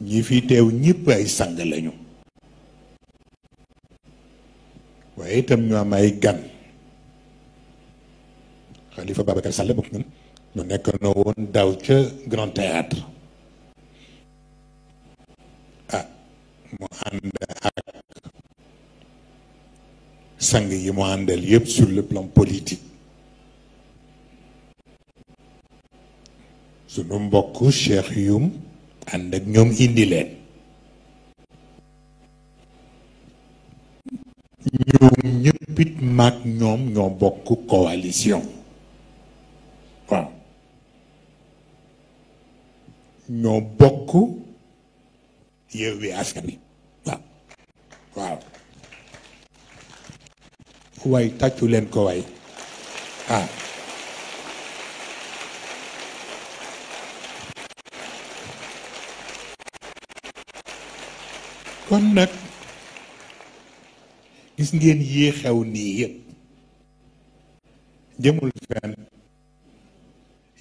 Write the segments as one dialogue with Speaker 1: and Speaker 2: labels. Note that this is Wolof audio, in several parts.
Speaker 1: ñi fi teew ñépp ay sang lañu waaye itam ñu am ay gan Xalifa Babacar Sall bokk ñun ñu nekk na woon daaw ca Grand Théâtre ah mu ànd ak sang yi mu àndal yëpp sur le plan politique sunu mbokk Cheikh Youm ànd ak ñoom indi leen ñoom ñëppit maag ñoom ñoo bokk coalition waaw ñoo bokk Yewwi Askan Wi waaw waaw tàccu leen ko waay kon nag gis ngeen yi xew nii yépp jëmul fenn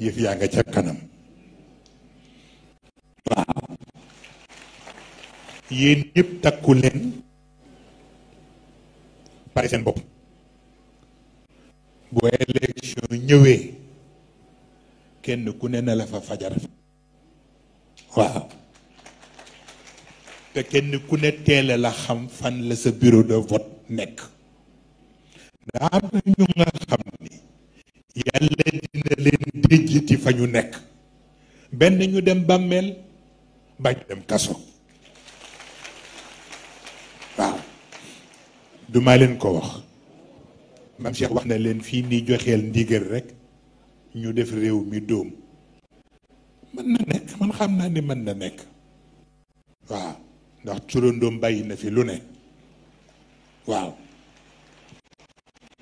Speaker 1: yëf yaa nga ca kanam waaw yéen ñëpp takku leen pare seen bopp bu élection ñëwee kenn ku ne la fa fajar waaw te kenn ku ne teele la xam fan la sa bureau de vote nekk ndax am na ñu nga xam ni yàlla dina leen déjjiti fa ñu nekk benn ñu dem bàmmeel ba dem kaso waaw duma leen ko wax mam Cheikh wax na leen fii nii joxeel ndigal rek ñu def réew mi dóom mën na nekk man xam naa ni mën na nekk waaw ndax turandoom bàyyi na fi lu ne waaw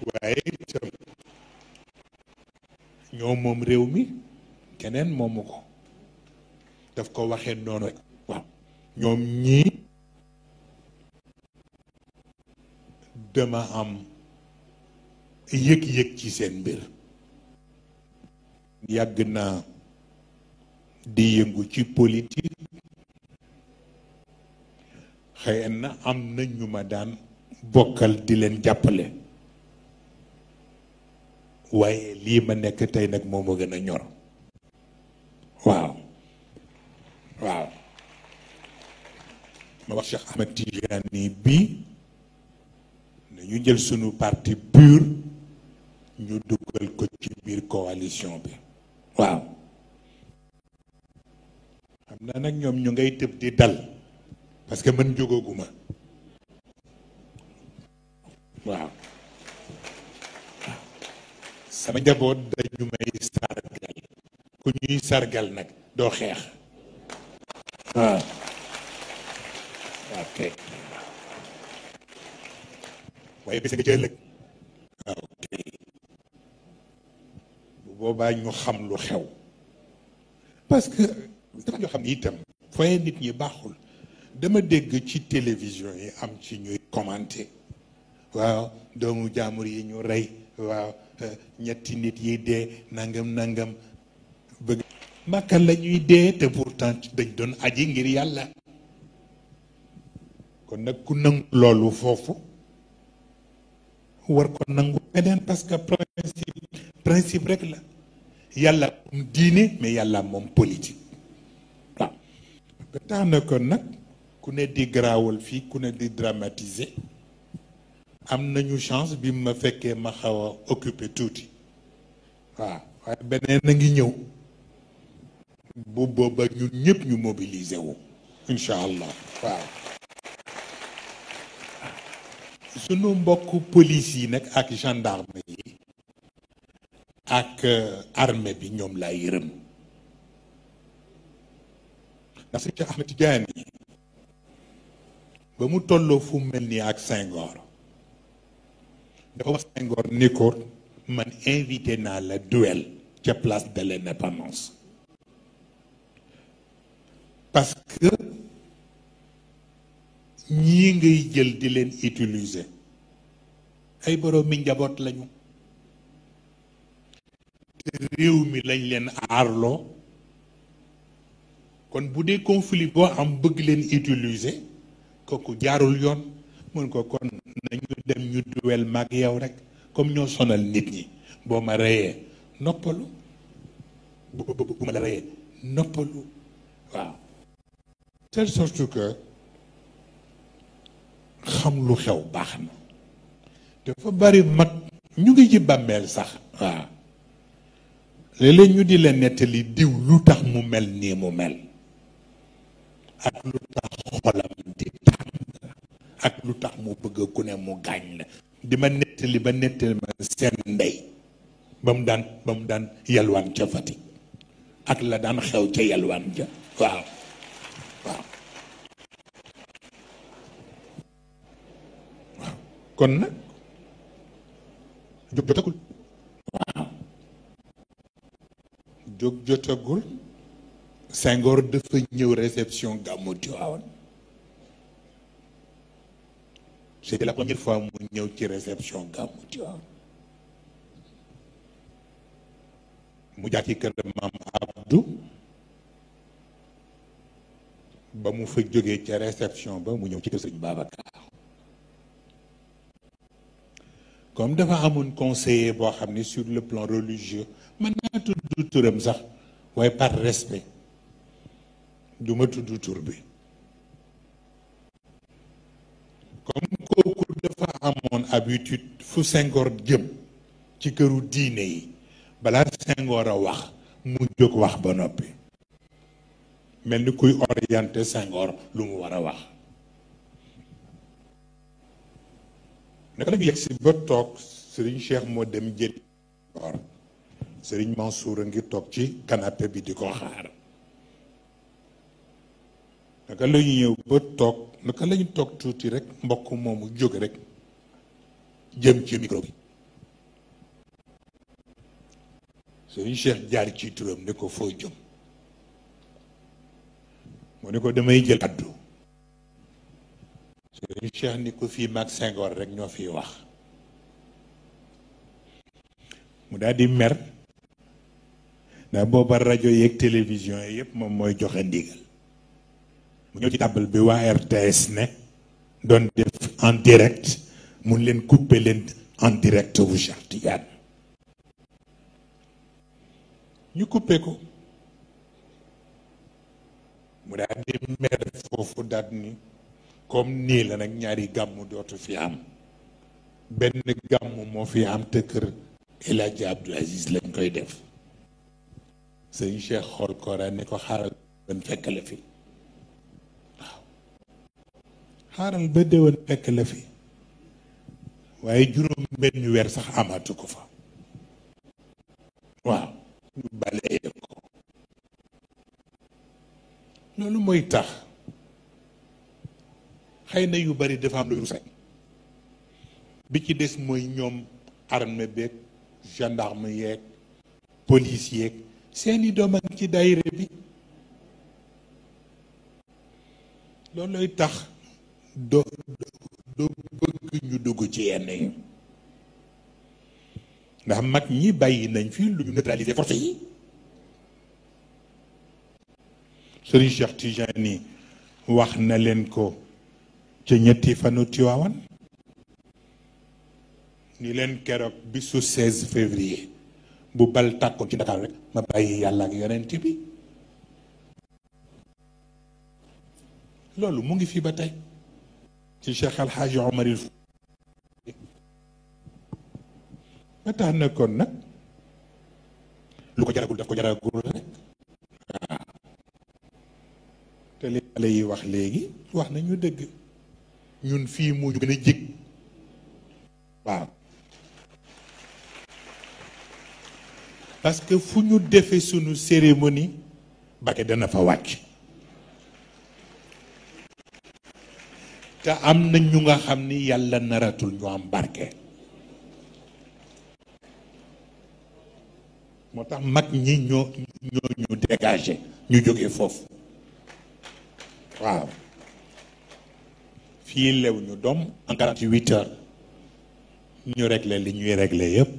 Speaker 1: waaye itam ñoo moom réew mi keneen moomu ko daf ko waxee noonu rek waaw ñoom ñii dama am yëg-yëg ci seen mbir yàgg naa di yëngu ci politique xëy na am na ñu ma daan bokkal di leen jàppale waaye lii ma nekk tey nag moo ma gën a ñor waaw waaw ma wax Cheikh Ahmed Tidiane bii nañu jël sunu parti pur ñu dugal ko ci biir coalition bi waaw xam naa nag ñoom ñu ngay tëb di dal parce que man jógaguma waaw sama njaboot dañu may sargal ku ñuy sargal nag doo xeex waaye bés nga ci ëllëg ah, ok ñu xam lu xew parce dafa ñoo xam ne itam fooye nit ñi baaxul dama dégg ci télévision yi am ci ñuy commenter waaw doomu jaamur yi ñu rey waaw euh, ñetti nit yi dee nangam nangam bëgg màkka la ñuy dee te pourtant dañ doon aji ngir yàlla kon nag ku nangu loolu foofu war ko nangu feneen parce que principe rek la yàlla moom diine mais yàlla moom politique waaw ba tax na kon nag ku ne di garaawal fii ku ne di dramatise am nañu chance bi ma fekkee ma xaw a occupé tuuti waaw waaye beneen a ngi ñëw bu booba ñun ñëpp ñu mobiliser wu incha allah waaw sunu mbokk police yi nag ak gendarme yi ak euh, armée bi ñoom laa yërëm ndax si Cheikh Ahmed Tidiane yi ba mu tolloo fu mel nii ak Senghor dafa wax Senghor ni ko man invité naa la duel ca place de l'indépendance parce que ñii ngay jël di leen utiliser ay boroomi njaboot lañu te réew mi lañ leen aarloo kon bu dee conflit boo am bëgg leen utiliser kooku jaarul yoon mun ko kon nañu dem ñu duwel mag yow rek comme ñoo sonal nit ñi boo ma reyee noppalu bu bu ma la reyee noppalu waaw telle sorte que xam lu xew baax na dafa bari mag ñu ngi ci bàmmeel sax waaw léeg ñu di la nettali diw lu tax mu mel nii mu mel ak lu tax xolam ak lu tax mu bëgg ku ne mu gaañ la di ma nettali ba nettali ma seen ndey ba mu daan ba mu daan yalwaan ca Fatick ak la daan xew ca yalwaan ja waaw waaw waaw kon nag jotagul waaw jóg jotagul Senghor dafa ñëw réception gàmmu Tiwaawan c'était la première fois mu ñëw ci réception gàmmu mu jaar ci kër maam Abdou ba mu fa jógee ca réception ba mu ñëw ci kër sëñ Babacar comme dafa amoon conseiller boo xam ne sur le plan religieux mën naa tudd sax waaye par respect du ma bi comme amoon habitude fu Senghor jëm ci këru diine yi balaa Senghor a wax mu jóg wax ba noppi mel ni kuy orienté Senghor lu mu war a wax naka nag yegg si ba toog Serigne Cheikh moo dem jëli or Serigne Mansour a ngir toog ci canapé bi di ko xaar naka la ñu ba toog naka la toog tuuti rek mbokk moomu jóg rek jëm ci micro bi sëriñ Cheikh jaar ci turam ne ko foo jëm moo ni ko damay jël addu sëriñ Cheikh ni ko fii mag Senghor rek ñoo fi wax mu daldi di mer ndax booba rajo yeeg télévision yi yëpp moom mooy joxe ndigal mu ñëw ci table bi waa RTS ne doon def en direct mun leen couper leen en direct wu Cheikh Tidiane ñu couper ko mu daal di mer foofu daal ni comme nii la nag ñaari gàmmu dootu fi am benn gàmmu moo fi am te kër El Hadj Abdou lañ koy def sëñ Cheikh xool koora ni ko xaaral ba fekk fi waaw xaaral ba fekk la fi waaye juróom benn weer sax amaatu ko fa waaw ñu balee ko loolu mooy tax xëy na yu bari dafa am lu ñu sañ bi ci des mooy ñoom armée beeg gendarme yeeg police yeeg seeni doom ak ci daayira bi loolooy tax doo doo ñu dugg ci yenn yi ndax mag ñi bàyyi nañ fi lu ñu neutraliser force yi Serigne Cheikh Tijani wax na leen ko ci ñetti fanu Tiwaawan ni leen keroog bisu 16 février bu bal tàkkoon ci Dakar rek ma bàyyi yàlla ak yeneen bi loolu mu ngi fi ba tey ci Cheikh Alxaaji Omar ba tax na nag lu ko jaragul daf ko jaragul rek waaw ah. te li xale yi wax léegi wax nañu dëgg ñun fii moo ñu gën jig waaw parce que fu ñu defe sunu cérémonie Mbacké dana fa wàcc te am na ñu nga xam ni yàlla naratul ñu am barke moo tax mag ñi ñoo ñoo ñu dégagé ñu jóge foofu waaw fii lew ñu doom en quarante-huit heures ñu réglé li ñuy réglé yépp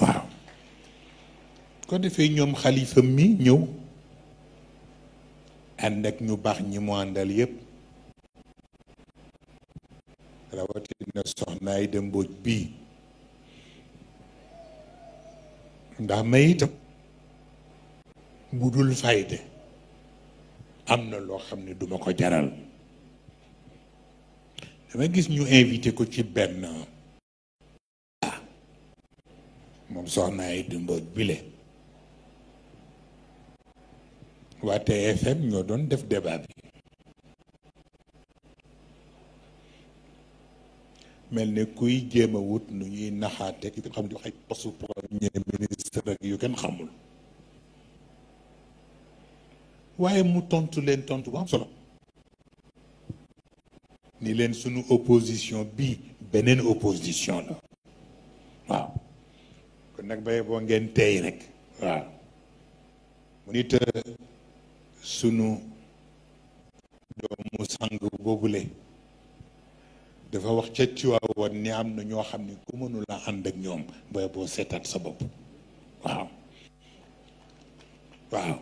Speaker 1: waaw ko defee ñoom xalifa mi ñëw ànd ak ñu baax ñi mu àndal yépp rawatina soxnaay de mbóoj bii ndax may itam bu dul fayde am na loo xam ne duma ko jaral dama gis ñu invité ko ci benn moom soxna ay dimbooj bile waate TFM ñoo doon def débat bi mel ne kuy jéem a wut nu ñuy naxaate ki xam ne xaj posu premier yu kenn xamul waaye mu tontu leen tontu bu am solo ni leen sunu opposition bi beneen opposition la waaw kon nag baye boo ngeen tey rek waaw mu nit sunu doomu sang boobule dafa wax ca Tiwaawan ni am na ñoo xam ne ku mënula ànd ak ñoom baye boo seetaat sa bopp waaw waaw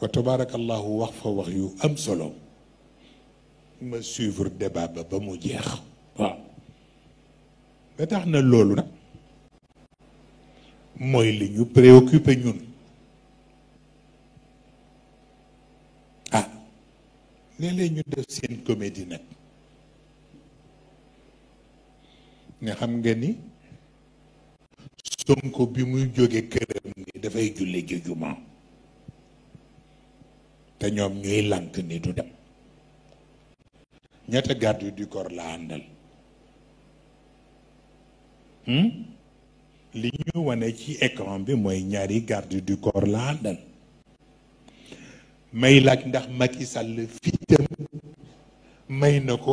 Speaker 1: wa tabaarakallahu wax fa wax yu am solo ma suivre débat ba ba mu jeex waaw ba tax na loolu nag mooy li ñu préoccupé ñun ah léeg ñu def seen comédie nag ne xam nga ni Sonko bi muy jóge këram ni dafay julli ji jumaa te ñoom ñuy lànk ni du dem ñett garde du corps la àndal hmm? li ñu wane ci écran bi mooy ñaari garde du corps la àndal may laaj ndax Macky Sall fitam may na ko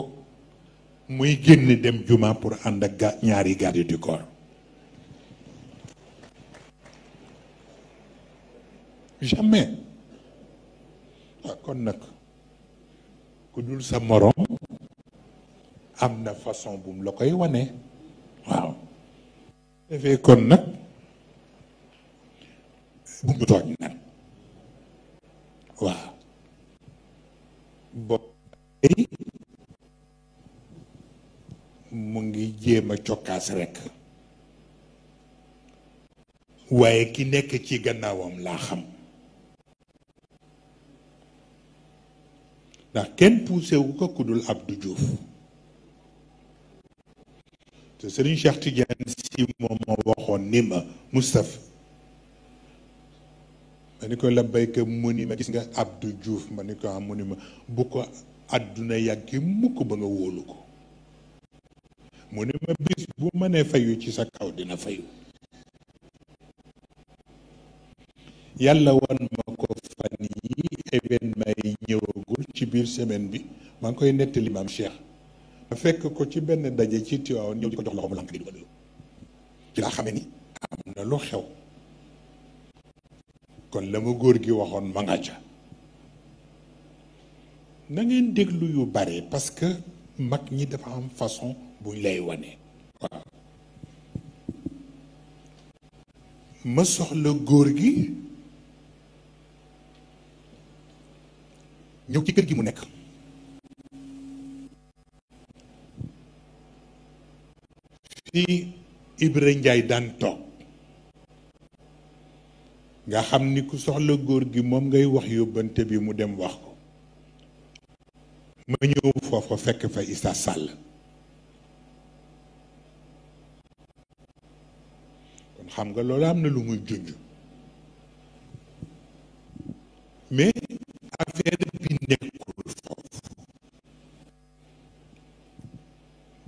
Speaker 1: muy génn dem juma pour ànd ñaari garde du corps jamais ah kon nag ku dul sa morom am na façon bu mu la koy wane waaw defee kon nag bu mu tooñ nag waaw bopp mu ngi jéem a cokkaas waaye ki nekk ci gannaawam laa xam ndax kenn poussé wu ko ku dul Abdou Diouf te Serigne Cheikh Tidiane si moom ma waxoon ni ma Moustapha ma ni ko labbayka mu ni ma gis nga Abdou Diouf ma ni ko am ah, mu ni ma bu ko àdduna yàggi mukk ba nga wóolu ko mu ni ma bis bu mënee fayu ci sa kaw dina fayu yàlla wan ma ko fan yi événement yi ñëw ci biir semaine bi maa ngi koy nettali am Cheikh ma fekk ko ci benn daje ci Tiwaawan ñëw ko jox loxo mu lànk di dugal ni am na lu xew kon la ma góor gi waxoon ma nga ca na ngeen déglu yu bare parce que mag ñi dafa am façon buñ lay wane waaw ma soxla góor gi ñëw ci kër gi mu nekk fi ibre Njaay daan toog nga xam ni ku soxla góor gi moom ngay wax yóbbante bi mu dem wax ko ma ñëw foofa fekk fa Issa Sall kon xam nga loolu am na lu muy junj mais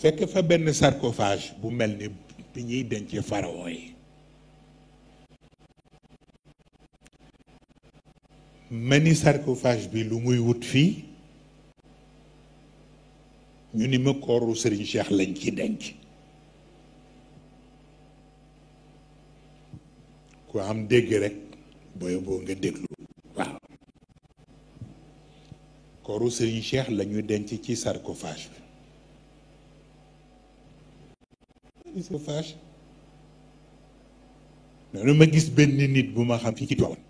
Speaker 1: fekk fa benn sarcophage bu mel ni bi ñuy denc pharaon yi ni sarcophage bi lu muy wut fii ñu ni ma kooru Serigne Cheikh lañ ci denc ku am dégg rek booy boo nga déglu waaw kooru Serigne Cheikh la denc ci sarcophage gisee fâche noonu ma gis benn nit bu ma xam fii ci Tiwaawan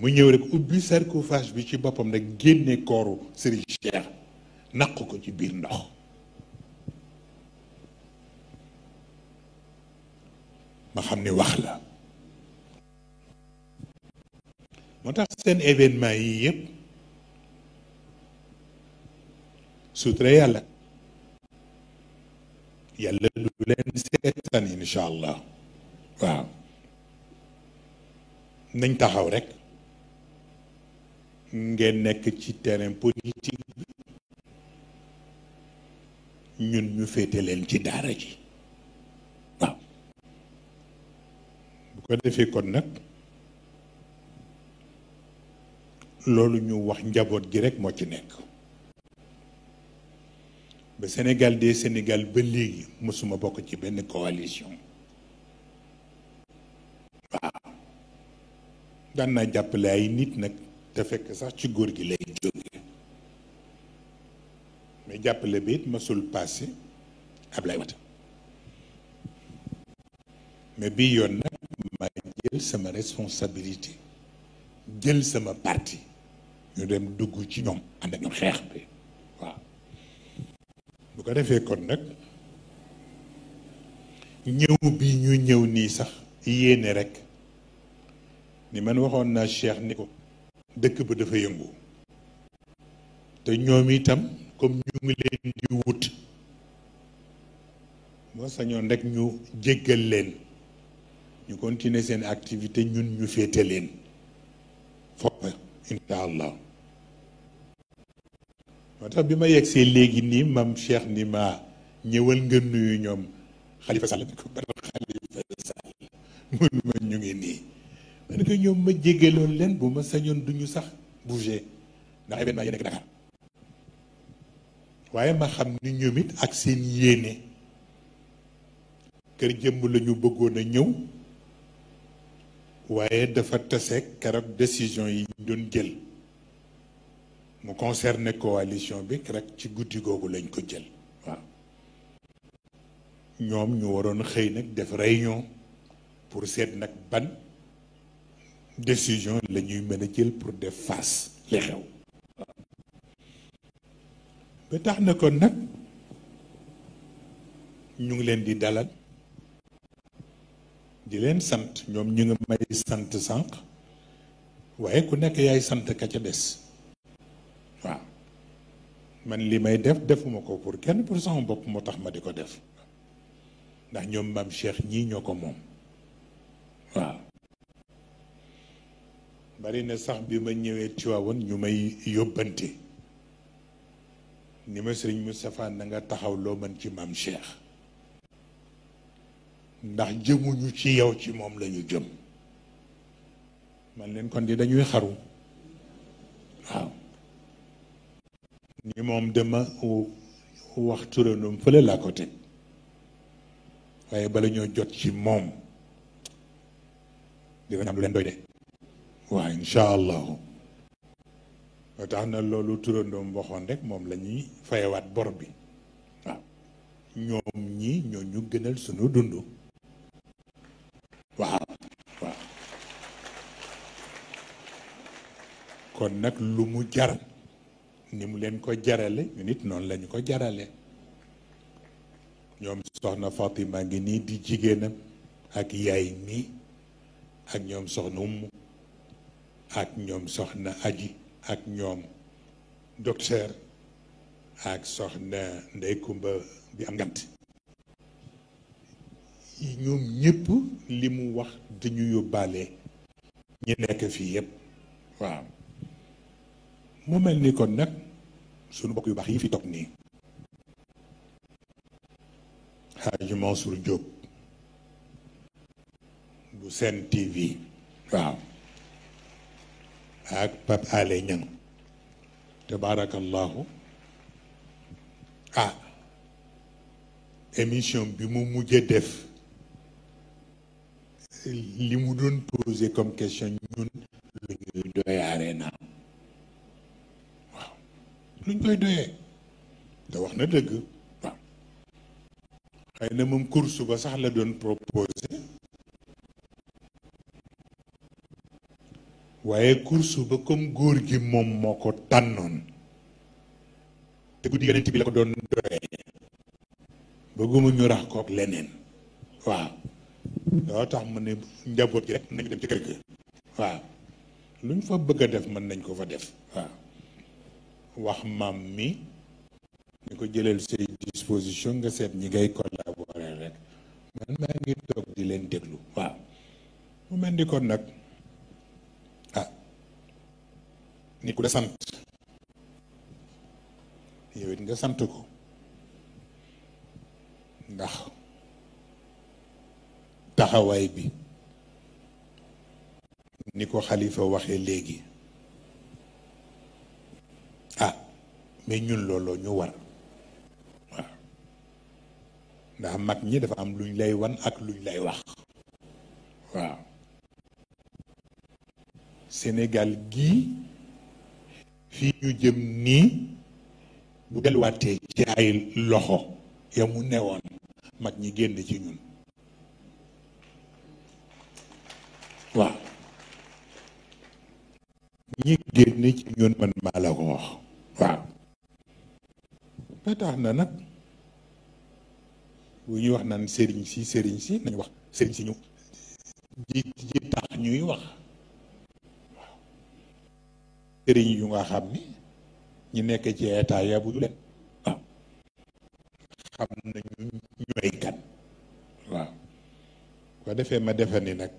Speaker 1: mu ñëw rek ubbi sarcophage bi ci boppam nag génne kooru Serigne Cheikh naq ko ci biir ndox ma xam ni wax la moo tax seen événement yi yépp sutura yàlla yàlla du leen seetaan incha allah waaw nañ taxaw rek ngeen nekk ci terrain politique bi ñun ñu féete leen ci daara ji waaw bu ko defee kon nag loolu ñu wax njaboot gi rek moo ci nekk ba Sénégal de Sénégal ba léegi mosuma bokk ci benn coalition waaw daan naa jàppale ay nit nag te fekk sax ci góor gi lay jóge mais jàppale bi it masul passé Ablaye Wade mais bii yoon nag ma jël sama responsabilité jël sama parti ñu dem dugg ci ñoom ànd ak ñoom xeex bi ko defee kon nag ñëw bi ñu ñëw nii sax yéene rekk ni man waxoon naa Cheikh ni ko dëkk ba dafa yëngu te ñoom itam comme ñu ngi leen di wut moo sañoon rekk ñu jéggal leen ñu continuer seen activité ñun ñu féete leen foofu incha allah moo tax bi ma yegsee léegi nii mam Cheikh ni ma ñëwal nga nuyu ñoom Khalifa Sall bi ko ban Khalifa ñu ngi nii ma ne ñoom ma jégaloon leen bu ma sañoon duñu sax bouger ndax événement yi nekk Dakar waaye ma xam ni ñoom it ak seen yéene kër jëmm la ñu bëggoon a ñëw waaye dafa taseeg keroog décision yi ñu doon jël mu conserné coalition bi rek ci guddi googu lañ ko jël waaw ñoom ñu waroon xëy nag def réunion pour seet nag ban décision lañuy ñuy mën a jël pour def fas li xew ba tax na kon nag ñu ngi leen di dalal di leen sant ñoom ñu ngi may sant sànq waaye ku nekk yaay sant ka ca des man li may def defuma ko pour kenn pour sama bopp moo tax ma di ko def ndax ñoom maam Cheikh ñii ñoo ko moom waaw bari na sax bi ma ñëwee Tiwaawan ñu may yóbbante ni ma sëriñ Moustapha na nga taxaw loo man ci maam Cheikh ndax jëmuñu ci yow ci moom lañu jëm man leen kon di dañuy xaru waaw ni moom dama wax turandoom fële laa ko teg waaye bala ñoo jot ci moom dina am lu leen doy de waaw incha allahu ba tax na loolu turandoom waxoon rek moom la ñuy fayewaat bor bi waaw ñoom ñi ñoo ñu gënal sunu dund waaw waaw kon nag lu mu jar ni mu leen ko jarale ñu nit noonu lañu ko jarale ñoom soxna Fatima ngi nii di jigéenam ak yaay mii ak ñoom soxna Umu ak ñoom soxna Aji ak ñoom docteur ak soxna Ndey Kumba bi am ngant ñoom ñëpp li mu wax dañu yóbbaale ñi nekk fii yëpp waaw mu mel ni kon nag sunu mbokk yu baax yi fi toog nii Hadji Mansour Diop bu Sen TV waaw ak Pape Alé Niang tabaarakallaahu ah émission bi mu mujjee def li mu doon posé comme question ñun lu ñuy luñ koy doyee da wax na dëgg waaw xëy na moom course ba sax la doon proposé waaye course ba comme góor gi moom moo ko tànnoon te guddi yonent bi la ko doon doyee bëgguma ñu rax kook leneen waaw loo tax ma ne njaboot gi rek nañu dem ci kër ga waaw luñ fa bëgg a def mën nañ ko fa def waaw wax maam mi ñu ko jëlal say disposition nga seet ñi ngay collaborer rek man maa ngi toog di leen déglu waaw mu mel ni kon nag ah ni ku la sant yow it nga sant ko ndax taxawaay bi ni ko xalifa waxee léegi mais ñun looloo ñu war waaw ndax mag ñi dafa am luñ lay wan ak luñ lay wax waaw Sénégal gii fii ñu jëm nii bu delluwaatee ci ay loxo ya mu newoon mag ñi génn ci ñun waaw ñi génn ci ñun man maa la ko wax waaw ba tax na nag bu ñuy wax naan sëriñ si sëriñ si nañu wax sëriñ si ñu ji ji tax ñuy wax waaw sëriñ yu nga xam ni ñi nekk ci état yabu du leen waaw xam nañu ñooy kan waaw ko defee ma defe ni nag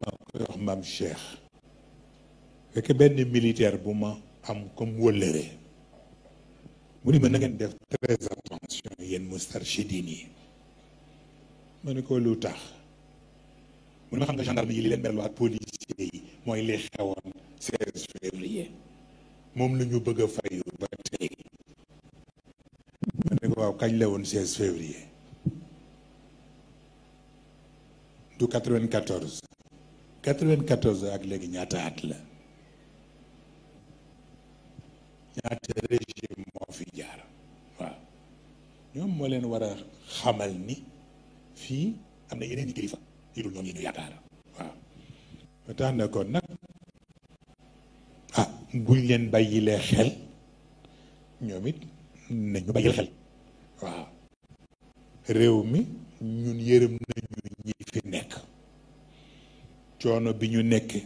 Speaker 1: maa koy wax maam Cheikh fekk benn militaire bu ma am comme wëllëree mu ni ma na ngeen def très attention yéen Moustarchidine yi ma ne ko lu tax mu ne xam nga gendarme yi li leen merluwaat policier yi mooy li xewoon 16 février moom lu ñu bëgg a fayu ba tey ma waaw kañ la woon 16 février du 94 94 ak léegi ñaata at la ñaata régime ñoom moo leen war a xamal ni fii am na yeneen i kilifa yu dul ñoom yi ñu yaakaar waaw ba tax na kon nag ah buñ leen bàyyilee xel ñoom it nañ ñu bàyyil xel waaw réew mi ñun yërëm nañu ñi fi nekk coono bi ñu nekkee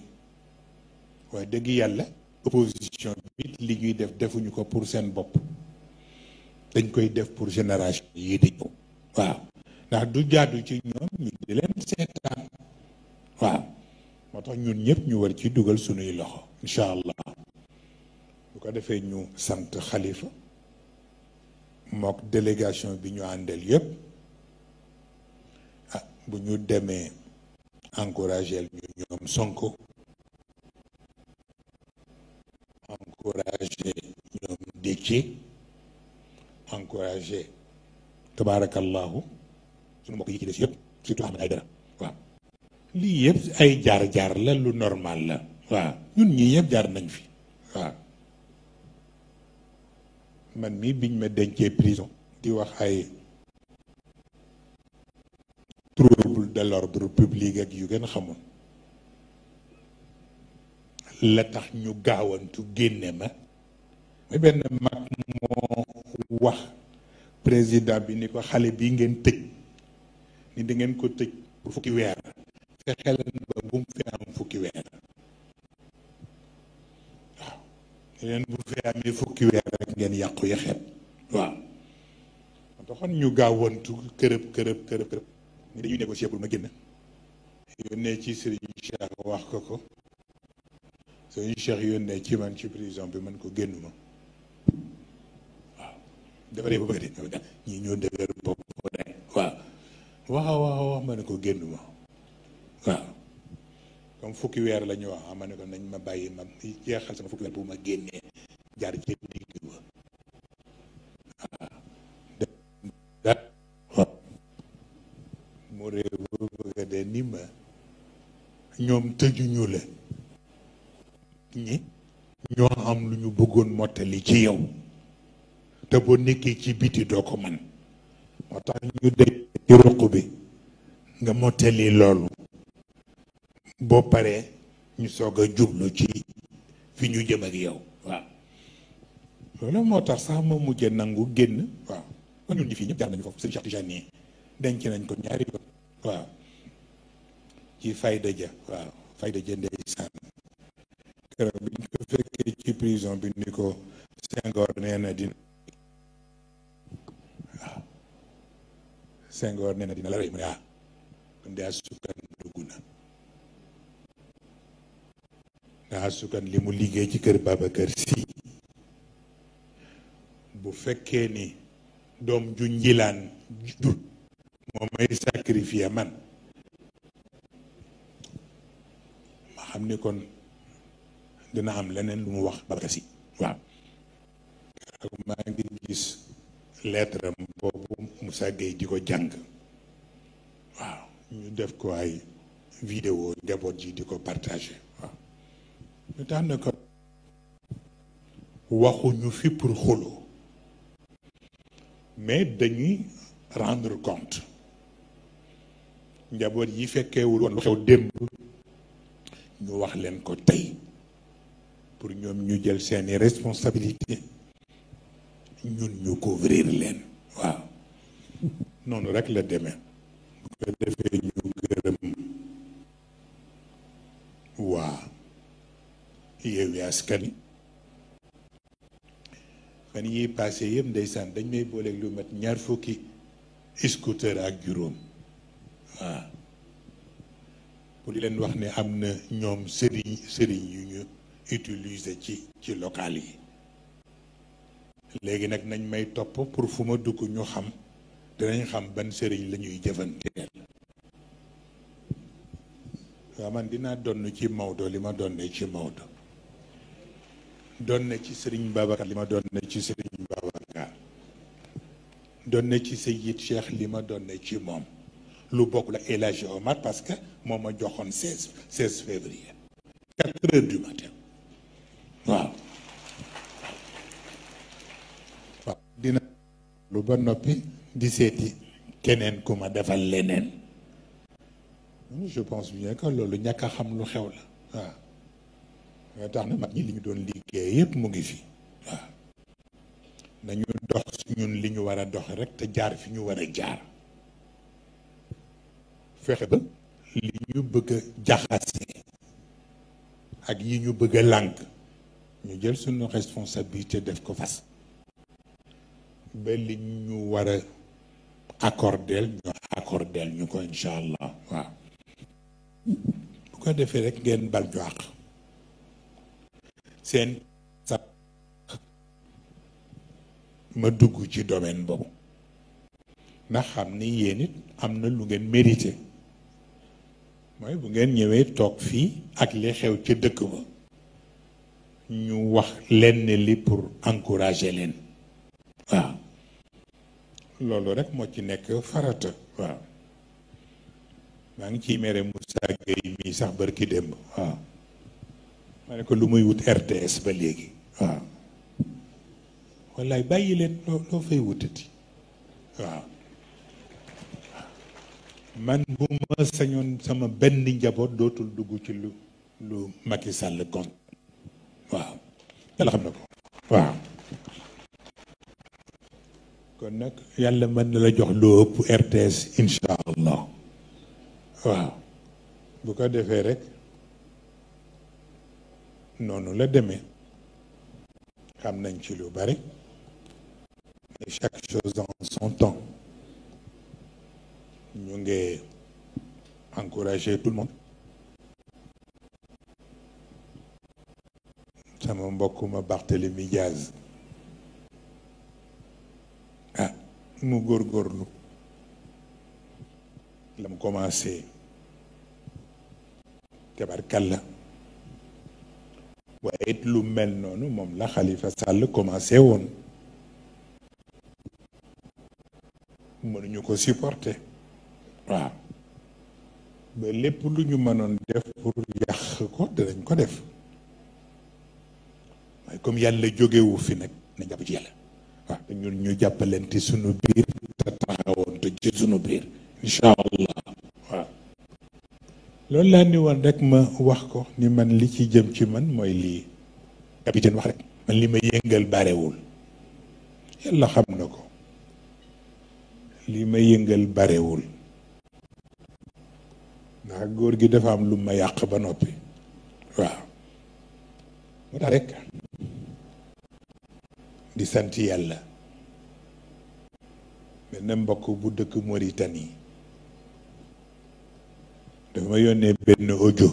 Speaker 1: waaye dëgg yàlla opposition bi li ñuy def defuñu ko pour seen bopp dañ koy def pour génération yii di ñëw waaw ndax du jaadu ci ñoom ñu di leen seetaan waaw moo tax ñun ñëpp ñu war ci dugal suñuy loxo incha allah bu ko defee ñu sant xalifa mook délégation bi ñu àndal yëpp ah bu ñu demee encouragel ñu ñoom Sonko encouragé ñoom Déthié encouragé tabaarakallaahu suñu mbokk yi ci des yëpp surtout Ahmed Aïdara waaw lii yëpp ay jaar-jaar la lu normal la waaw ñun ñii yëpp jaar nañ fi waaw man mii biñ ma dencee prison di wax ay trouble de l'ordre public ak yu gën xamoon la tax ñu gaawantu génne ma ma benn mag moo wax président bi ni ko xale bi ngeen tëj ni da ngeen ko tëj bu fukki weer fexe leen ba bu mu fi fukki weer waaw ne bu fi fukki weer rek ngeen yàqu yaxet waaw taxoon ñu gaawantu kërëb kërëb kërëb kërëb ni dañuy négocier pour ma génn yónnee ci Serigne Cheikh wax ko ko Serigne yoon ne ci man ci prison bi man ko génnuma defaree ba bëgg de ñii ñoo dëgër bopp de waaw waaw waaw waaw ma ne ko génn ma waaw comme fukki weer la ñu wax ah, ma ne ko nañ ma bàyyi ma jeexal sama fukki weer bu ma génnee jaar ci digg ba waaw mu réew ba bëgga de ni ma ñoom tëjuñu la ñi ñoo am lu ñu bëggoon mottali ci yow te bu nekkee ci biti doo ko mën moo tax ñu dëj ci ruq bi nga mottali loolu boo paree ñu soog a jublu ci fi ñu jëm ak yow waaw loolu moo tax sax ma mujje nangu génn waaw kon ñun ñi fii ñëpp jaar nañu foofu sëñ nañ ko ñaari yoon waaw ci fayda ja waaw fayda ja ndeysaan keroog bi ñu ko fekkee ci prison bi ni ko Senghor nee dina waaw Senghor nee na dina la rey mu ne ah kon de dugg na ndax asukan li mu liggéey ci kër Babacar Sy bu fekkee ni doom ju njilaan juddu moo may sacrifier man ma xam ni kon dina am leneen lu mu wax Babacar Sy waaw maa ngi gis lettre am boobu Moussa Gueye di ko jàng waaw ñu def ko ay vidéo njaboot ji di ko partagé waaw ñu tax na ko waxuñu fi pour xuloo mais dañuy rendre compte njaboot yi fekkeewul woon lu xew démb ñu wax leen ko tey pour ñoom ñu jël seeni responsabilité ñun ñu couvrir leen waaw noonu rek la demee bu ko defee ñu gërëm waa Yewwi Askan Wi fan yi passé yëpp ndeysaan dañ may booleeg lu mat ñaar fukki scooter ak juróom waaw di leen wax ni am na ñoom sëriñ sëriñ yu ñu utiliser ci ci local yi léegi nag nañ may topp pour fu ma dugg ñu xam dinañ xam ban sëriñ la ñuy jëfanteel waaw man dinaa donn ci Maodo li ma donne ci Maodo donne ci sëriñ Babacar li ma donne ci sëriñ Babacar donne ci Seyid Cheikh li ma donne ci moom lu bokk la El Hadji parce que moo ma joxoon 16 16 février ba noppi di seeti keneen ku ma defal leneen je pense bien que loolu ñàkk a xam lu xew la waaw nga tax na mag ñi li ñu doon liggéey yépp mu ngi fi waaw nañu dox ñun li ñu war a dox rek te jaar fi ñu war a jaar fexe ba li ñu bëgg a jaxase ak yi ñu bëgg a lànk ñu jël suñu responsabilité def ko fas ba li ñu war a accordeel ñu accordeel ñu ko incha allah waaw bu ko defee rek ngeen bal ñu seen sa ma dugg ci domaine boobu ndax xam ni yéen it am na lu ngeen mérité mooy bu ngeen ñëwee toog fii ak li xew ci dëkk ba ñu wax lenn li pour encourager leen waaw loolu rek moo ci nekk farata waaw maa ngi ciy mere Moussa Gueye mii sax barki démb waaw ma ne ko lu muy wut RTS ba léegi waaw wallaay bàyyi loo loo fay wutati waaw man bu sañoon sama benn njaboot dootul dugg ci lu lu Macky Sall kon waaw yàlla xam na ko waaw kon nag yàlla mën na la jox loo ëpp RTS incha allah waaw bu ko defee rek noonu la demee xam nañ ci lu bari mais chaque chose en son temps ñu ngi encourager tout le monde sama mbokk ma Barthélémy Diaz mu góorgóorlu la mu commencé tabarkalla waaye it lu mel noonu moom la Khalifa Sall commencé woon mënuñu ko supporter waa ba lépp lu ñu mënoon def pour yàq ko danañ ko def waaye comme yàlla jógewu fi nag na jàpp ci yàlla waaw ñun ñu jàppalante sunu biir te taxawoonte ci sunu biir incha allah waaw loolu laa ni woon rek ma wax ko ni man li ci jëm ci man mooy lii capitaine wax rek man li ma yëngal barewul yàlla xam na ko li ma yëngal barewul ndax góor gi dafa am lu ma yàq ba noppi waaw moo tax rek di sant yàlla benn mbokk bu dëkk Mauritanie ma yónnee benn audio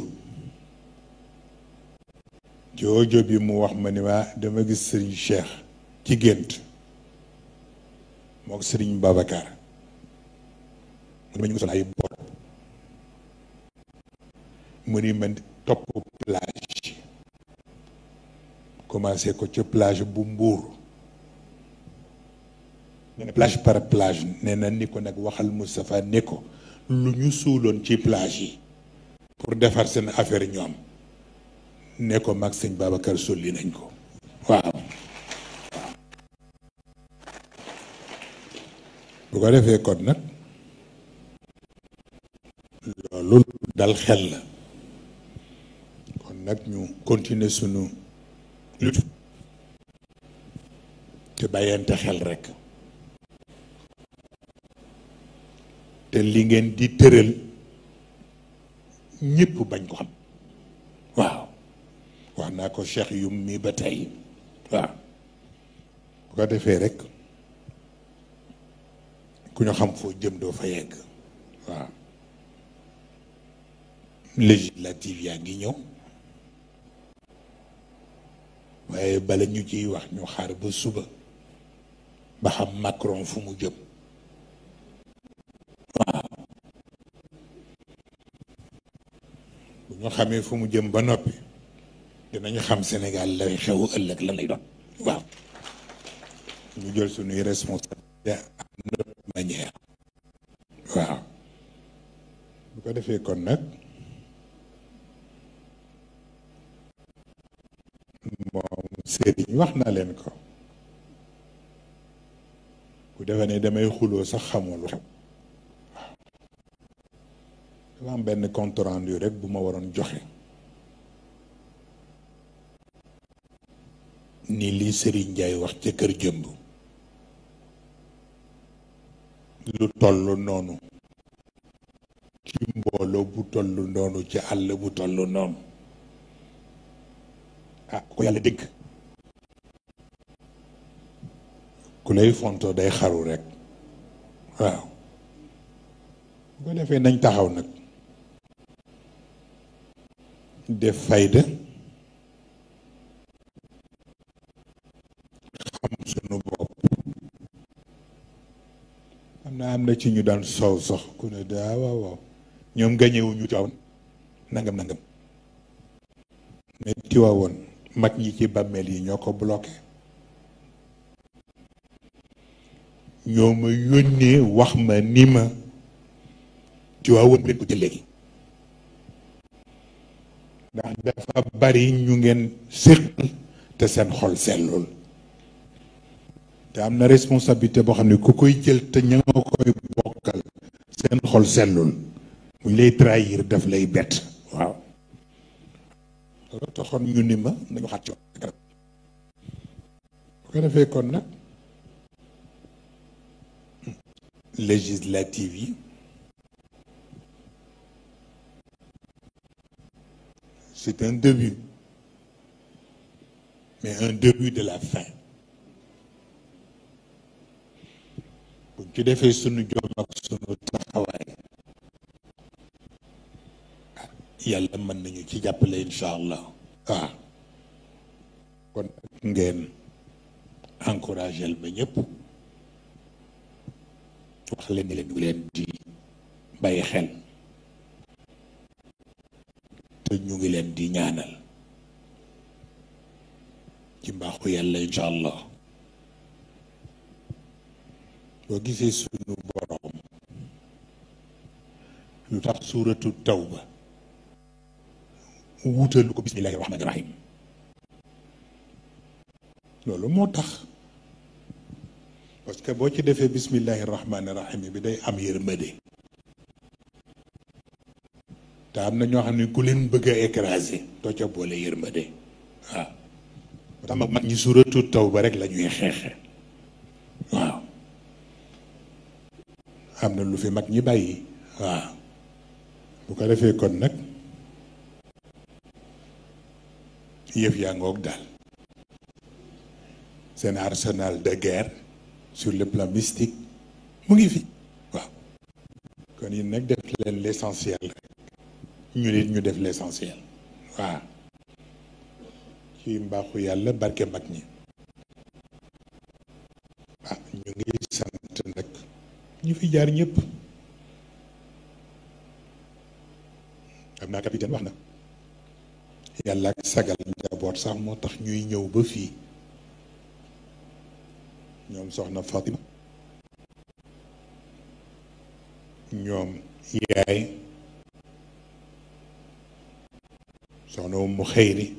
Speaker 1: ci audio bi mu wax ma ni ma dama gis sëriñ Cheikh ci gént mook sëriñ Babacar mu ni ma sol ay bor mu ni man topp plage commencé ko ca plage bu Mbuur plage par plage nee na ni ko nag waxal Moustapha ne ko lu ñu suuloon ci plage yi pour defar seen affaire ñoom ne ko mag sëñ Babacar solli nañ ko waaw bu ko defee kon nag loolu dal xel la kon nag ñu continuer sunu lutte te bàyyante xel rek te li ngeen di tëral ñépp bañ ko xam waaw wax naa ko Cheikh Yum mi ba tey waaw bu ko defee rek ku ñu xam foo jëm doo fa yegg waaw législative yaa ngi ñëw waaye bala ñu ciy wax ñu xaar ba suba ba xam Macron fu mu jëm ñu xamee fu mu jëm ba noppi dinañu xam Sénégal lay xewu ëllëg la lay doon waaw ñu jël suñuy responsabilité à notre manière waaw bu ko defee kon nag moom Serigne wax na leen ko bu defe ne damay xuloo sax xamul xew dafa am benn compte rendu rek bu ma waroon joxe nii lii Serigne Ndiaye wax ca kër jëmb lu toll noonu ci mbooloo bu toll noonu ci àll bu toll noonu ah ko yàlla dégg ku lay fontoo day xaru rek waaw bu ko defee nañ taxaw nag def fayda xam sunu bopp am na am na ci ñu daan soow sox ku ne daa waaw waaw ñoom gañewuñu Tiwaawoon nangam nangam mais Tiwaawoon mag ñi ci bàmmeel yi ñoo ko bloqué ñoo ma yónnee wax ma ni ma Tiwaawoon leen ko jël léegi dafa bari ñu ngeen séq te seen xol sellul te am na responsabilité boo xam ne ku koy jël te ña nga koy bokkal seen xol sellul buñ lay trahir daf lay bett waaw loolu taxoon ñu ni ma nañu xat ci bu ko defee kon nag législative yi C'est un début, mais un début de la fin. bu ci defee sunu jom ak sunu taxawaay yàlla mën nañu ci jàppale incha allah waaw ah. kon ngeen encouragel ma ñëpp wax leen leen di bàyyi xel te ñu ngi leen di ñaanal ci mbaaxu yàlla incha allah boo gisee sunu boroom lu tax suuratu tawba wutalu ko bismillahi rahmani rahim loolu moo tax parce que boo ci defee bismillahi rahmani rahim bi day am yërmande te am na ñoo xam ne ku leen bëgg a écraser doo ca boole yërmande waaw. tax mag ñi suratul taw ba rek la ñuy xeexe waaw. am na lu fi mag ñi bàyyi waaw. bu ko defee kon nag yëf yaa ngoog daal seen arsenal de guerre sur le plan mystique mu ngi fi waaw kon yi nag def leen l'essentiel rek ñu nit ñu def l'essentiel waaw ci mbaaxu yàlla barke mag ñi waaw ñu ngi sant nag ñu fi jaar ñëpp am naa capitaine wax na yàlla ak sagal njaboot sax moo tax ñuy ñëw ba fii ñoom soxna Fatima ñoom yaay soxna Umu Xëyri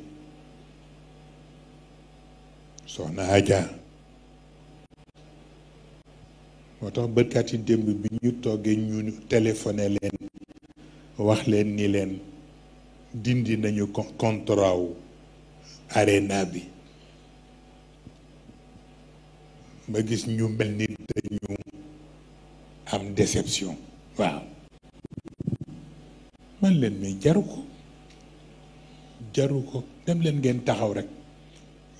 Speaker 1: soxna Aja moo tax bërkat démb bi ñu toggee ñu téléphoné leen wax leen ni leen dindi nañu contrat wu arena bi ma gis ñu mel ni dañu am déception waaw man leen may jaru ko jaru ko dem leen ngeen taxaw rek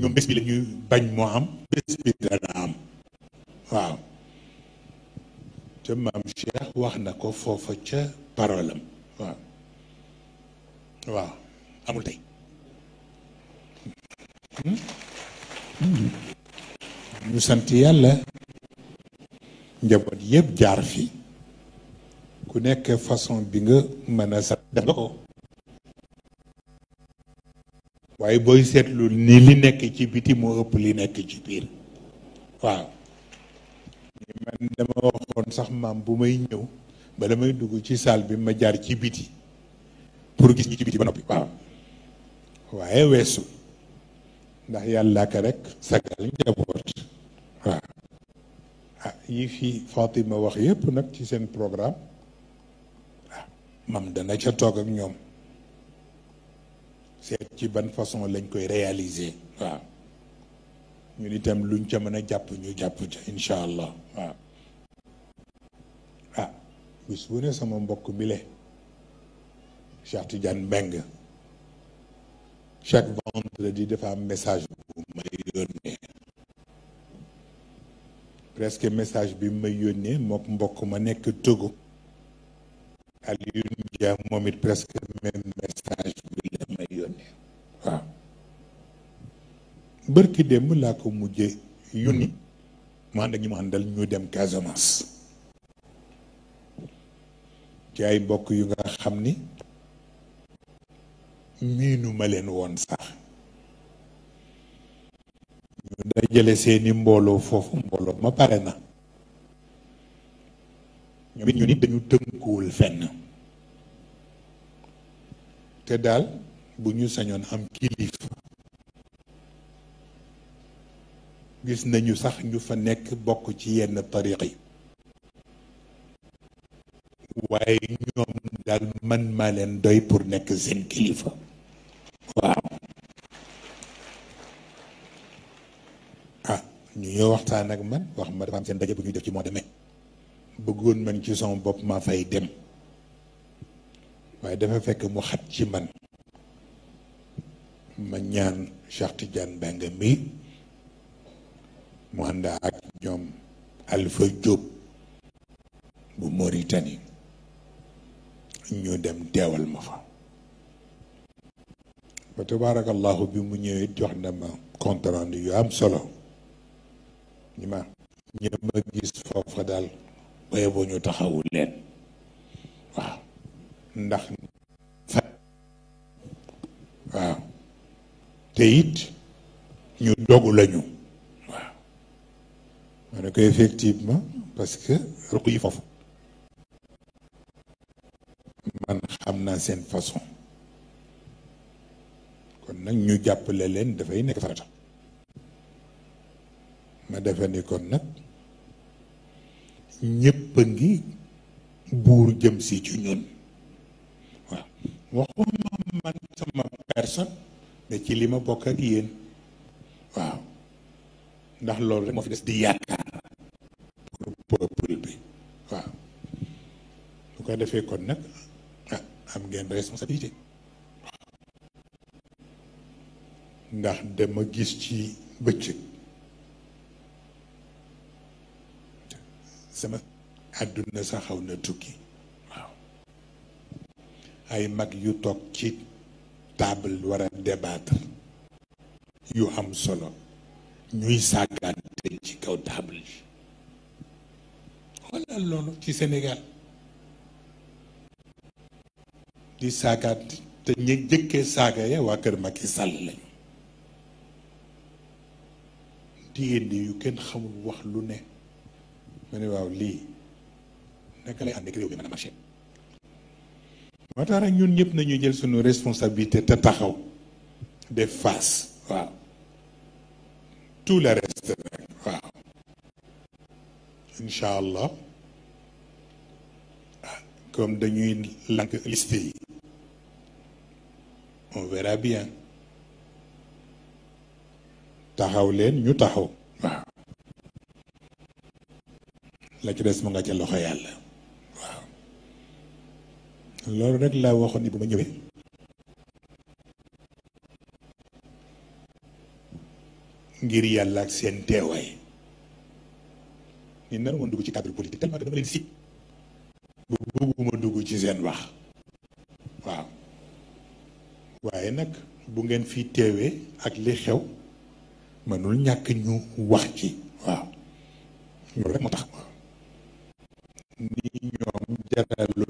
Speaker 1: ñoom bés bi la bañ moo am bés bi dana am waaw te maam Cheikh wax na ko foofa ca parole am waaw waaw amul tey hmm? Hmm. ñu sant yàlla njaboot yépp jaar fi ku nekk façon bi nga mën a sant def ko waaye booy seetlu ni li nekk ci biti moo ëpp li nekk ci biir waaw man dama waxoon sax maam bu may ñëw ba damay dugg ci saal bi ma jaar ci biti pour gis ñi ci biti ba noppi waaw waaye weesu ndax yàlla ka rek sagal njaboot waaw ah yi fi Fatima wax yépp nag ci seen programme ah maam dana ca toog ak ñoom seet ci ban façon lañ koy réaliser waaw ñun itam luñ ca mën a jàpp ñu jàpp ca incha allah waaw ah bis bu sama mbokk bi le Cheikh Tidiane Mbengue chaque vendredi dafa am message bu may yónnee presque message bi may yónnee mook mbokk ma nekk Togo Alioune Dia presque même yónni waaw bërki démb laa ko mujje yónni mm-hmm. ma ànd ak ñu dem Casamance ci ay mbokk yu nga xam ni miinu ma leen woon sax ñu dajale seeni mbooloo foofu mbooloo ma pare na ñoom ñu ni dañu tënkuwul fenn te daal bu ñu sañoon am kilifa gis nañu sax ñu fa nekk bokk ci yenn tariq yi waaye ñoom daal man maa leen doy pour nekk seen kilifa waaw ah ñu ñoo waxtaan ak man wax ma dafa am seen daje bu ñuy def ci mois de bëggoon man ci sama bopp maa fay dem waaye dafa fekk mu xat ci man ma ñaan Cheikh Tidiane Bengue mi mu ànd ak ñoom Alpha Diop bu Mauritanie ñu dem teewal ma fa wa tabarakallahu bi mu ñëwee jox na ma compte yu am solo ñi ma ñi ma gis foofa daal baye boo ñu taxawu leen waaw ndax te ñu dogu lañu waaw ma ne ko effectivement parce ruq yi foofu man xam naa seen façon kon nag ñu jàppale leen dafay nekk farata ma defe ni kon nag ñëpp buur jëm si ci ñun waaw waxuma man sama personne ne ci li ma bokk ak yéen waaw ndax loolu rek moo fi des di yaakaar pour peuple bi waaw bu ko defee kon nag ah am ngeen responsabilité ndax dama gis ci bëccëg sama àdduna sa xaw na tukki waaw ay mag yu toog ci table war a yu am solo ñuy sàggante ci kaw table yi walla loolu ci Sénégal di saagaat te ñi jëkkee saaga ya waa kër Macky Sall lañu diggante yu kenn xamul wax lu ne ma ne lii naka lay ànd ak réew bi mën a marché moo tax ñun ñëpp nañu jël suñu responsabilité te taxaw def face waaw tout le reste waaw incha allah ah, comme dañuy lank liste yi on verra bien taxaw leen ñu taxaw waaw la ci des mu nga ca loxo yàlla loolu rek la waxoon ni bu ma ñëwee ngir yàlla ak seen teewaay ni nar woon dugg ci cadre politique tellement que dama leen si bu bëgguma dugg ci seen wax waaw waaye nag bu ngeen fi teewee ak li xew mënul ñàkk ñu wax ci waaw loolu rek moo tax ni ñoom jaralu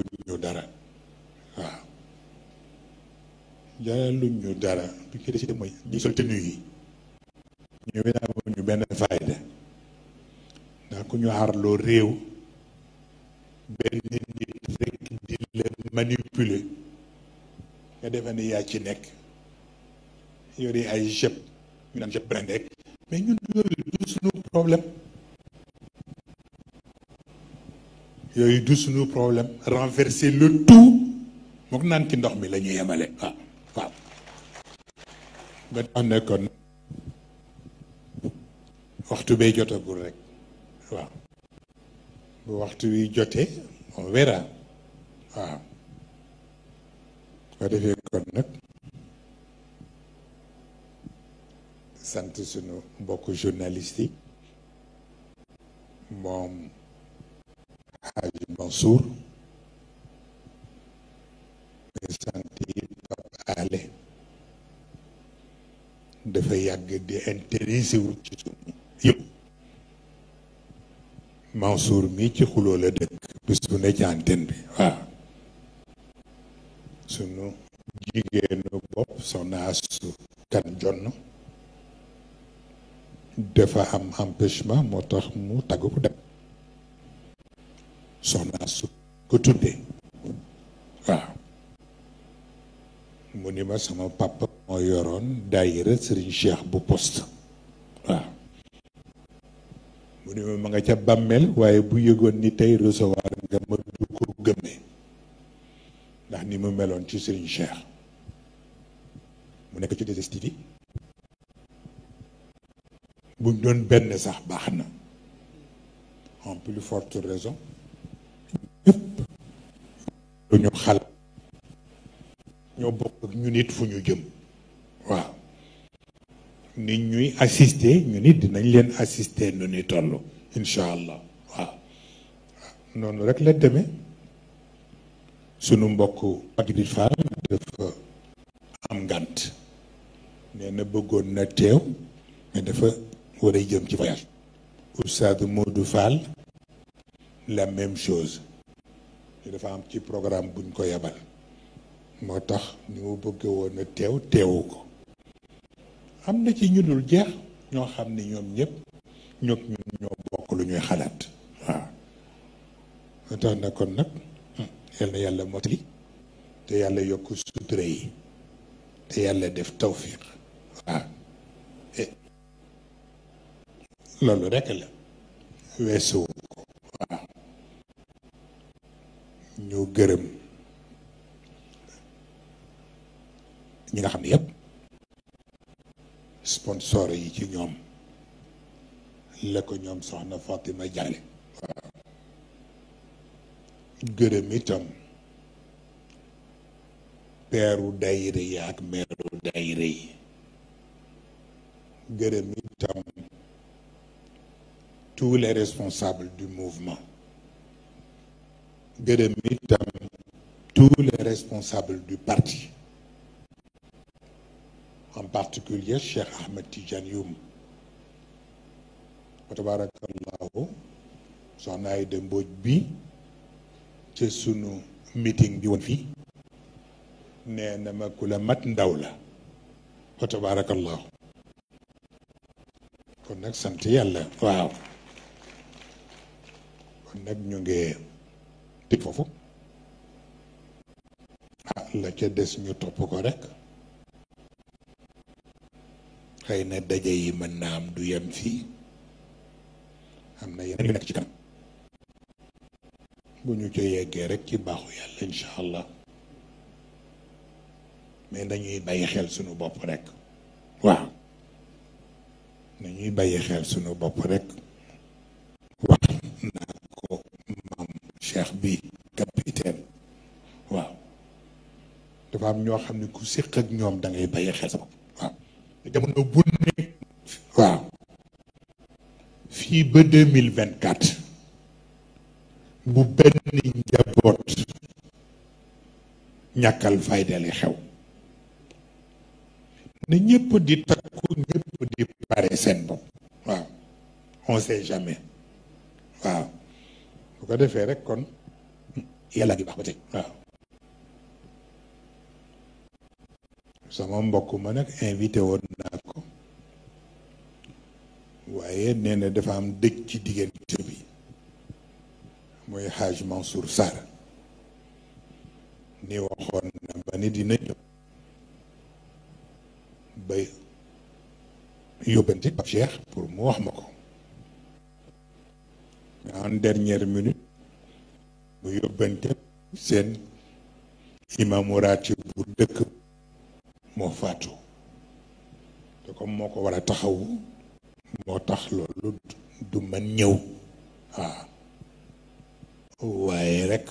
Speaker 1: jaraluñu dara bi ki des itam mooy ñu sol tenu yi ñu benn fayda ndax ku ñu xarloo réew benn nit rek di la manipuler nga defe ne yaa ci nekk yore ay jëpp ñu naan jëpp benn rek mais ñun yooyu du suñu problème yooyu du suñu problème renverser le tout mook naan ci ndox mi la ñu yemale waaw ba tax na kon waxtu bee jotagul rek waaw bu waxtu wi jotee on verra waaw ko defee kon nag sant sunu mbokk journaliste yi moom Hadj Mansour sant Pape Alé dafa yàgg di intéressé wu ci sunu yëpp Mansour mi ci xuloo la dëkk bis bu ne ci antenne bi waaw sunu jigéenu bopp soxna Astu Kan jonn dafa am empêchement moo tax mu tagg ko dem soxna Astu ko tuddee waaw mu ni ma sama papa moo yoroon daayira Serigne Cheikh bu poste waaw mu ne ma ma nga ca bàmmeel waaye bu yëgoon ni tey recevoir nga ma du ko gëmme ndax ni mu meloon ci Serigne Cheikh mu nekk ci 2STV buñ doon benn sax baax na en plus forte raison ñëpp lu ñu xalaat ñoo bokk ak ñu nit fu ñu jëm ni ñuy assister ñu nit dinañ leen assister nu ni toll incha allah waaw noonu rek la demee sunu mbokk Maguette Fall dafa am ngànt nee bëggoon na teew mais dafa war jëm ci voyage Oustaz Modou Fall la même chose dafa am ci programme buñ ko yabal moo tax ni mu bëgg woon teew teewu ko am na ci ñu dul jeex ñoo xam ne ñoom ñëpp ñoo bokk lu ñuy xalaat waaw tax na kon nag hmm, yal na yàlla motali te yàlla yokk sutura yi te yàlla def tawfiq waaw eh, loolu rekk la weesuwu ko waaw gërëm ñi nga xam ne yëpp sponsor yi ci ñoom la ko ñoom soxna Fatima Diallo waaw gërëm itam peeru dayre yi ak meeru dayre yi gërëm itam tous les responsables du mouvement gërëm itam tous les responsables du parti en particulier Cheikh Ahmed Tidiane Youm wa tabarakallahu soxna Aïda Mbodj bi ci sunu meeting bi woon fii nee ma ku la mat ndaw la wa tabarakallahu kon nag sant yàlla waaw kon nag ñu ngi tëj foofu ah, la ca des ñu topp ko rek xëy na daje yi mën naa am du yem fii am na yeneen yu nekk ci kanam bu ñu ca yeggee rek ci baaxu yàlla incha allah mais nañuy bàyyi xel sunu bopp rek waaw nañuy bàyyi xel sunu bopp rek wax naa ko maam cheikh bi capitaine waaw dafa am ñoo xam ne ku séq ak ñoom da ngay bàyyi xel sa bopp jamono bu nekk waaw fii ba mille vingt quatre bu benn njaboot ñàkkal faydali xew na ñëpp di takku ñëpp di pare seen bopp waaw on sait jamais waaw bu ko defee rek kon yàlla ngi baax ba tey waaw sama mbokk ma nag invité woon waaye nee na dafa am dëj ci diggante bi mooy xaaj sur Sarr ni waxoon na ba ni dina ñëw ba yóbbante Pape Cheikh pour mu wax ma ko en dernière minute mu yóbbante seen imaamu raatib bu dëkk moo faatu te comme moo ko war a taxawu moo tax loolu du mën ñëw waaw ah. waaye rek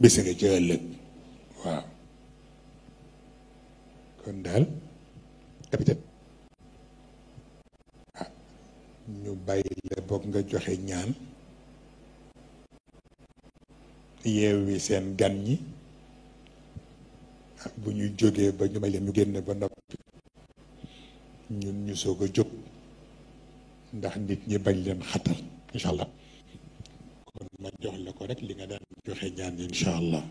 Speaker 1: bis nga ci ëllëg waaw kon daal capitaine ah ñu bàyyi la boog nga joxe ñaan yeewi seen gan ñi ah, bu ñu jógee ba ñu may leen ñu génn ba noppi ñu soog a jóg ndax nit ñi bañ leen xatal incha allah kon ma jox la ko rek li nga daan joxe ñaan incha allah